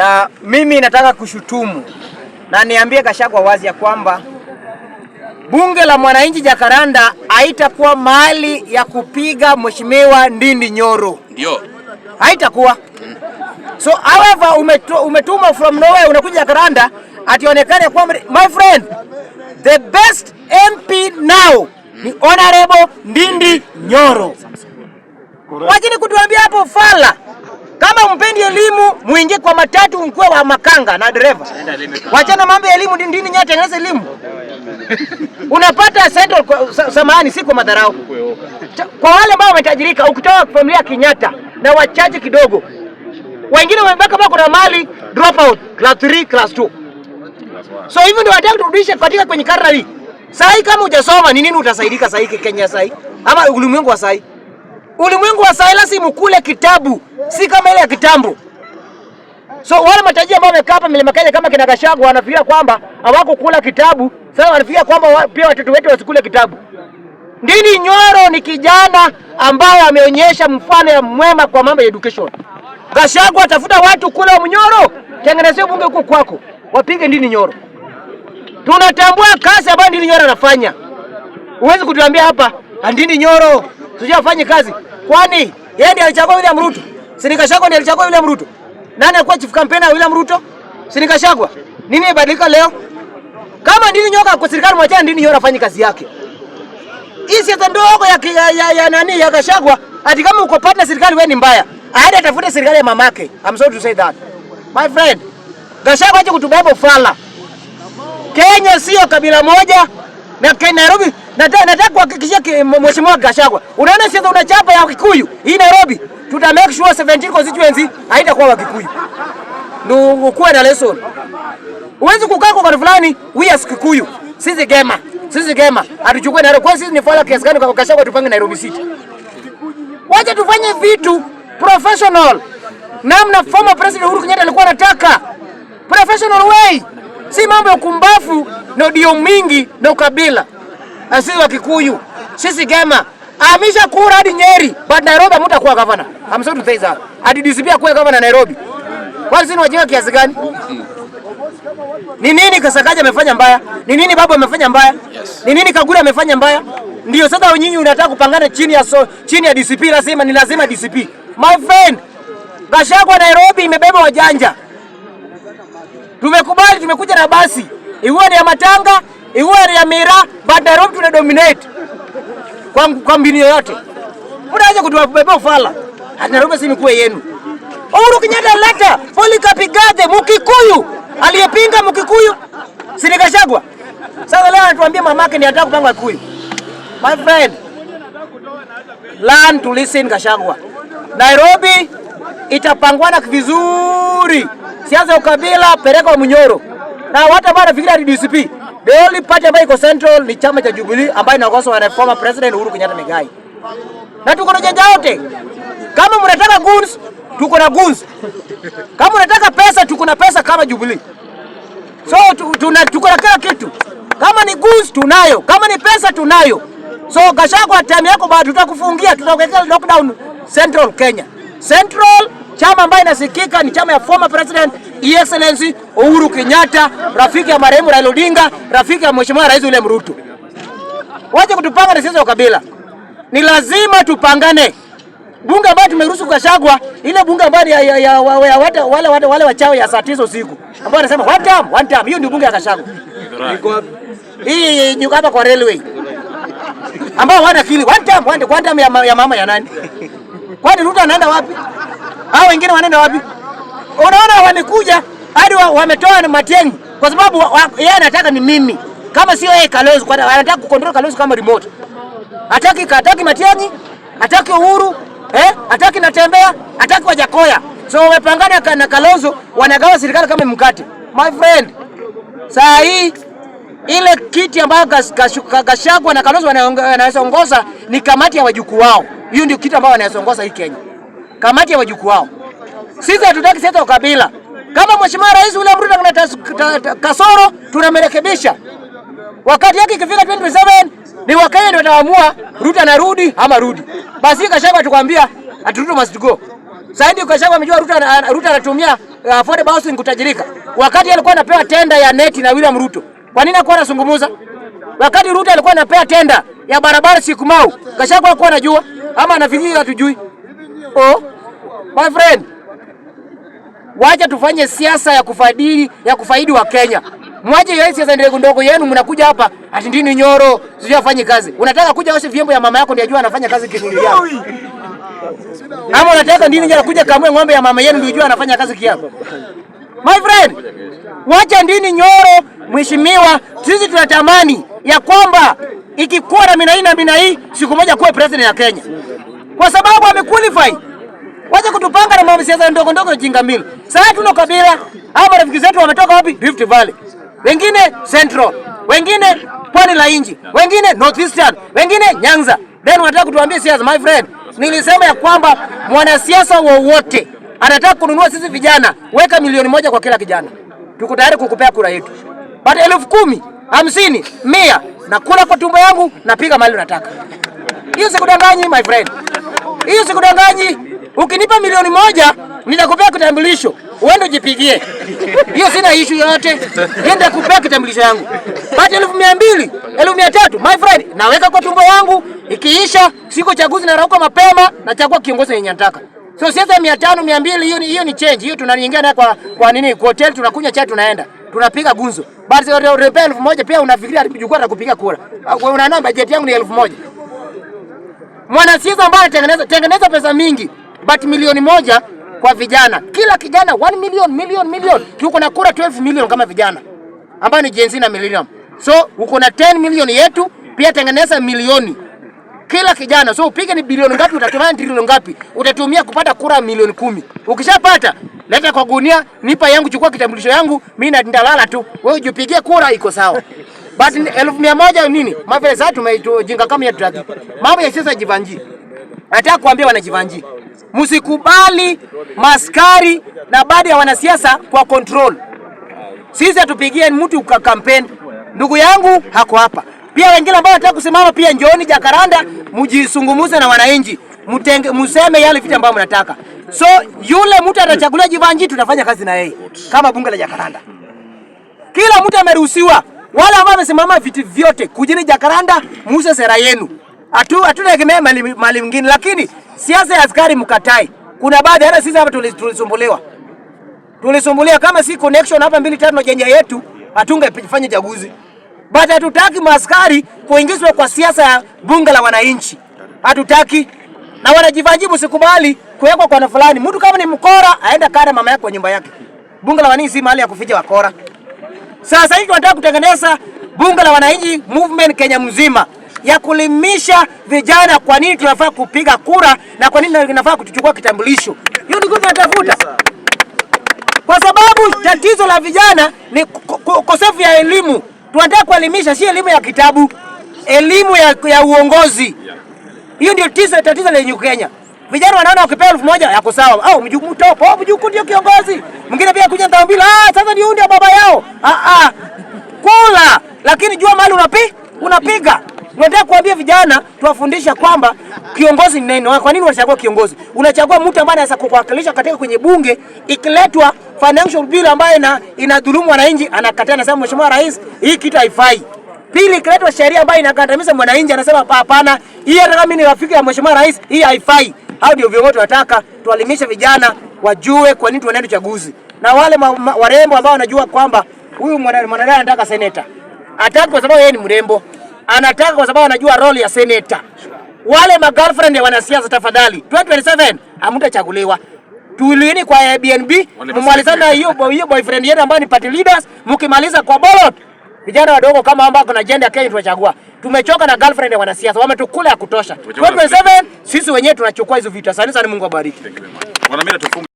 na mimi nataka kushutumu na niambie Gachagua wazi ya kwamba bunge la mwananchi Jakaranda haitakuwa mali ya kupiga mheshimiwa Ndindi Nyoro, ndio haitakuwa mm. So however, umetuma from nowhere unakuja Jakaranda ationekane kwamba my friend the best MP now ni honorable Ndindi Nyoro, wajini kutuambia hapo fala kama mpendi elimu, muingie kwa matatu, mkuwe wa makanga na dereva. Wachana mambo ya elimu dindini, nyote tengeneza elimu unapata central kwa, Samahani, si kwa madharau, kwa wale ambao wametajirika, ukitoa familia ya na wachaji kidogo, wengine wamebaka bado na mali, drop out class 3 class 2. So hivyo ndio wataka turudishe katika kwenye karra hii. Sasa kama hujasoma ni nini utasaidika sasa Kenya sasa ama ulimwengu wa sasa? Ulimwengu wa sayansi mkule kitabu, si kama ile ya kitambo. So wale matajiri ambao wamekaa hapa Mlima Kenya kama kina Gachagua wanafikiria kwamba hawako kula kitabu, sasa wanafikiria kwamba wa, pia watoto wetu wasikule kitabu. Ndini Nyoro ni kijana ambaye ameonyesha mfano ya mwema kwa mambo ya education. Gachagua, tafuta watu kule Mnyoro, tengenezee bunge huko kwako, wapige Ndini Nyoro. Tunatambua kazi ambayo Ndini Nyoro anafanya. Huwezi kutuambia hapa ah, Ndini Nyoro sijafanye kazi. Kwani yeye ndiye alichagua William Ruto? Sinikashagwa ndiye alichagua William Ruto? Nani alikuwa chief campaigner wa William Ruto? Sinikashagwa. Nini ibadilika leo? Kama ndini nyoka kwa serikali mwachana ndini yeye anafanya kazi yake. Hii siasa ndogo ya, ya, ya, ya nani ya Gachagua ati kama uko partner serikali wewe ni mbaya. Aende atafute serikali ya mamake. I'm sorry to say that. My friend, Gachagua acha kutubeba fala. Kenya sio kabila moja na Kenya Nairobi nataka kuhakikishia mheshimiwa Gashagwa. unaona sasa una chapa ya Kikuyu hii Nairobi, tuta make sure 17 constituency haitakuwa wa Kikuyu. Ndio kuwa na lesson. Uwezi kukaa kwa fulani, we as Kikuyu. Sisi gema, sisi gema. Atuchukue na Kwa sisi ni fala kiasi gani kwa Gashagwa tupange Nairobi City? Wacha tufanye vitu professional. Namna former president Uhuru Kenyatta alikuwa anataka. Professional way. Si mambo ya kumbafu na no dio mingi na no ukabila na sisi wa Kikuyu, sisi Gema. Amisha kura hadi Nyeri, but Nairobi hamtakuwa gavana. I'm sorry to say that. Hadi DCP akuwe gavana Nairobi. Kwani sisi tunajua kiasi gani? Ni nini Kasakaja amefanya mbaya? Ni nini Babu amefanya mbaya? Ni nini Kagura amefanya mbaya? Ndio sasa nyinyi unataka kupangana chini ya so, chini ya DCP lazima ni lazima DCP. My friend, Gachagua Nairobi imebeba wajanja. Tumekubali tumekuja na basi. Iwe ni ya matanga Iwe ya Mira, but Nairobi tuna dominate kwa, kwa mbinu yoyote. Mnaweza kutubeba ufala. Nairobi si mkuu yenu. Uhuru Kenyatta leta Polycarp Igathe Mukikuyu aliyepinga Mukikuyu Sinikashagwa. Sasa leo anatuambia mamake ni anataka kupanga kuyu. My friend, learn to listen Kashagwa. Nairobi itapangwana vizuri, siasa ukabila, peleka wa Munyoro na watu ambao wanafikiria DCP The only party ambayo iko central ni chama cha Jubilee ambayo inaongozwa na former president Uhuru Kenyatta Migai. Na tuko na janja yote. Kama mnataka guns, tuko na guns. Kama mnataka pesa, tuko na pesa kama Jubilee. So tuna, tuko na kila kitu. Kama ni guns tunayo, kama ni pesa tunayo. So Gachagua, time yako bado tutakufungia, tutakuwekea lockdown Central Kenya. Central chama ambayo inasikika ni chama ya former president Your Excellency Uhuru Kenyatta, rafiki ya marehemu Raila Odinga, rafiki ya Mheshimiwa Rais William Ruto. Waje kutupanga na sisi wa kabila. Ni lazima tupangane. Bunge ambayo tumeruhusu kukashagwa, ile bunge ambayo ya, ya, ya, ya, wale wale wale, wale, wale wachawi ya saa tisa usiku ambao wanasema one time one time, hiyo ndio bunge ya Kashagwa. Hii nyuko hapa kwa railway ambao wana akili one time one time, one time ya, ya mama ya nani? Kwani Ruto anaenda wapi? Hao wengine wanaenda wapi? Unaona, wamekuja hadi wametoa wa Matiang'i kwa sababu yeye anataka ni mimi, kama sio yeye Kalonzo, kwa anataka kucontrol Kalonzo kama remote. Hataki hataki Matiang'i, hataki Uhuru, eh, hataki Natembea, hataki Wajakoya. So wamepangana na Kalonzo, wanagawa serikali kama mkate. My friend, saa hii ile kiti ambayo Gachagua na Kalonzo wanaongoza ni kamati ya wajukuu wao. Hiyo ndio kitu ambayo wanaongoza hii Kenya, kamati ya wajukuu wao. Sisi hatutaki siasa ukabila. Kama Mheshimiwa Rais William Ruto kuna kasoro, tunamerekebisha. Wakati yake ikifika 27 ni Wakenya ndio wataamua Ruto anarudi ama rudi. Basi Gachagua tukwambia aturuto must go. Saidi Gachagua amejua Ruto Ruto anatumia uh, affordable housing kutajirika. Wakati alikuwa anapewa tenda ya neti na William Ruto. Kwa nini alikuwa anazungumza? Wakati Ruto alikuwa anapewa tenda ya barabara siku mau. Gachagua alikuwa anajua ama anafikiri hatujui. Oh, my friend Wacha tufanye siasa ya kufadili ya kufaidi wa Kenya. Mwache hiyo siasa ndogo ndogo yenu, mnakuja hapa ati ndini nyoro sijui afanye kazi. Unataka kuja oshe vyombo ya mama yako ndio ajua anafanya kazi kimwili yako. Ama unataka ndini nyoro kuja kamwe ng'ombe ya mama yenu ndio ajua anafanya kazi kiapo. My friend, wacha ndini nyoro mheshimiwa, sisi tunatamani ya kwamba ikikuwa na mina hii na mina hii siku moja kuwe president ya Kenya. Kwa sababu amequalify Wacha kutupanga na mambo siasa ndogo ndogo chinga mbili. Sasa tuna kabila au marafiki zetu wametoka wapi? Rift Valley. Wengine Central, wengine Pwani la Inji, wengine Northeastern, wengine Nyanza. Then wanataka kutuambia siasa, my friend. Nilisema ya kwamba mwanasiasa wowote anataka kununua sisi vijana, weka milioni moja kwa kila kijana. Tuko tayari kukupea kura yetu. But elfu kumi, hamsini, mia na kula kwa tumbo yangu napiga mali nataka. Hiyo sikudanganyi my friend. Hiyo sikudanganyi. Ukinipa milioni moja nitakupea kitambulisho, uende ujipigie hiyo. Sina ishu yoyote, nenda kupea kitambulisho yangu. pati elfu mia mbili elfu mia tatu my friend, naweka kwa tumbo yangu. Ikiisha siku chaguzi, narauka mapema, nachagua kiongozi yenye nataka. So sasa mia tano mia mbili hiyo ni, hiyo ni change hiyo, tunaingia nayo kwa, kwa nini kwa hotel tunakunywa chai, tunaenda tunapiga gumzo. Basi unapea elfu moja pia unafikiria atajukua atakupiga kura. Ah, una namba, bajeti yangu ni elfu moja. Mwanasiasa ambaye anatengeneza tengeneza pesa mingi but milioni moja kwa vijana, kila kijana 1 million million million. Tuko na kura 12 million kama vijana ambayo ni Gen Z na millennium, so uko na 10 million yetu pia, tengeneza milioni kila kijana, so upige ni bilioni ngapi, utatumia trilioni ngapi, utatumia kupata kura milioni kumi. Ukishapata leta kwa gunia, nipa yangu, chukua kitambulisho yangu, mimi na ndalala tu, wewe ujipigie kura, iko sawa. But elfu mia moja nini mavesa tumejinga kama ya traki, mambo ya sasa jivanji Nataka kuambia wanajivanji, msikubali maskari na baadhi ya wanasiasa kwa control. Sisi hatupigie mtu kwa campaign. Ndugu yangu hako hapa pia, wengine ambao wanataka kusimama pia, njooni Jakaranda, mjisungumuze na wananchi, mseme yale vitu ambayo mnataka. So yule mtu atachagulia Jivanji, tunafanya kazi na yeye kama bunge la Jakaranda. Kila mtu ameruhusiwa, wale ambao wamesimama viti vyote, kujini Jakaranda, muuse sera yenu hatutegemee mali, mali mingine, lakini siasa ya askari mkatai. Kuna baadhi hata sisi hapa tulisumbuliwa, tulisumbuliwa kama si connection hapa mbili tano na jenja yetu hatungefanya chaguzi, but hatutaki maaskari kuingizwa kwa siasa ya bunge la wananchi, hatutaki na wanajivanjibu, sikubali kuwekwa kwa na fulani. Mtu kama ni mkora aenda kana mama yake kwa nyumba yake. Bunge la wananchi si mahali ya kuficha wakora. Sasa hivi tunataka kutengeneza bunge la wananchi movement Kenya mzima ya kulimisha vijana kwa nini tunafaa kupiga kura na kwa nini tunafaa kutuchukua kitambulisho. Hiyo ni ndio tunatafuta, kwa sababu tatizo la vijana ni ukosefu ya elimu. Tunataka kuelimisha, si elimu ya kitabu, elimu ya, ya uongozi. Hiyo ndio tatizo tatizo lenye Kenya. Vijana wanaona ukipewa elfu moja yako sawa, au ah, mjukuu topo, au mjukuu ndio kiongozi. Mwingine pia kuja ndao bila, ah, sasa ni ndio ndio baba yao. Ah ah. Kula, lakini jua mali unapi unapiga. Tunataka kuambia vijana, tuwafundisha kwamba kiongozi ni nani. Kwa nini unachagua kiongozi? Unachagua mtu ambaye anaweza kukuwakilisha katika kwenye bunge, ikiletwa financial bill ambayo ina inadhulumu wananchi, anakataa na sababu mheshimiwa rais, hii kitu haifai. Pili, ikiletwa sheria ambayo inakandamiza mwananchi, anasema hapana, hii hata kama ni rafiki ya mheshimiwa rais, hii haifai. Hao ndio viongozi tunataka tuwalimishe vijana wajue kwa nini tunaenda uchaguzi, na wale warembo ambao wanajua kwamba huyu mwanadada anataka seneta, hataki kwa sababu yeye ni mrembo anataka kwa sababu anajua role ya seneta. Wale ma girlfriend ya wanasiasa, tafadhali 2027 hamtachaguliwa. Tuliini kwa Airbnb, mmalizana hiyo hiyo boyfriend yetu ambaye ni party leaders, mkimaliza kwa ballot. Vijana wadogo kama ambao kuna agenda Kenya tunachagua. Tumechoka na girlfriend ya wanasiasa, wametukula ya kutosha. 2027 sisi wenyewe tunachukua hizo vitu. Asante sana Mungu abariki. mimi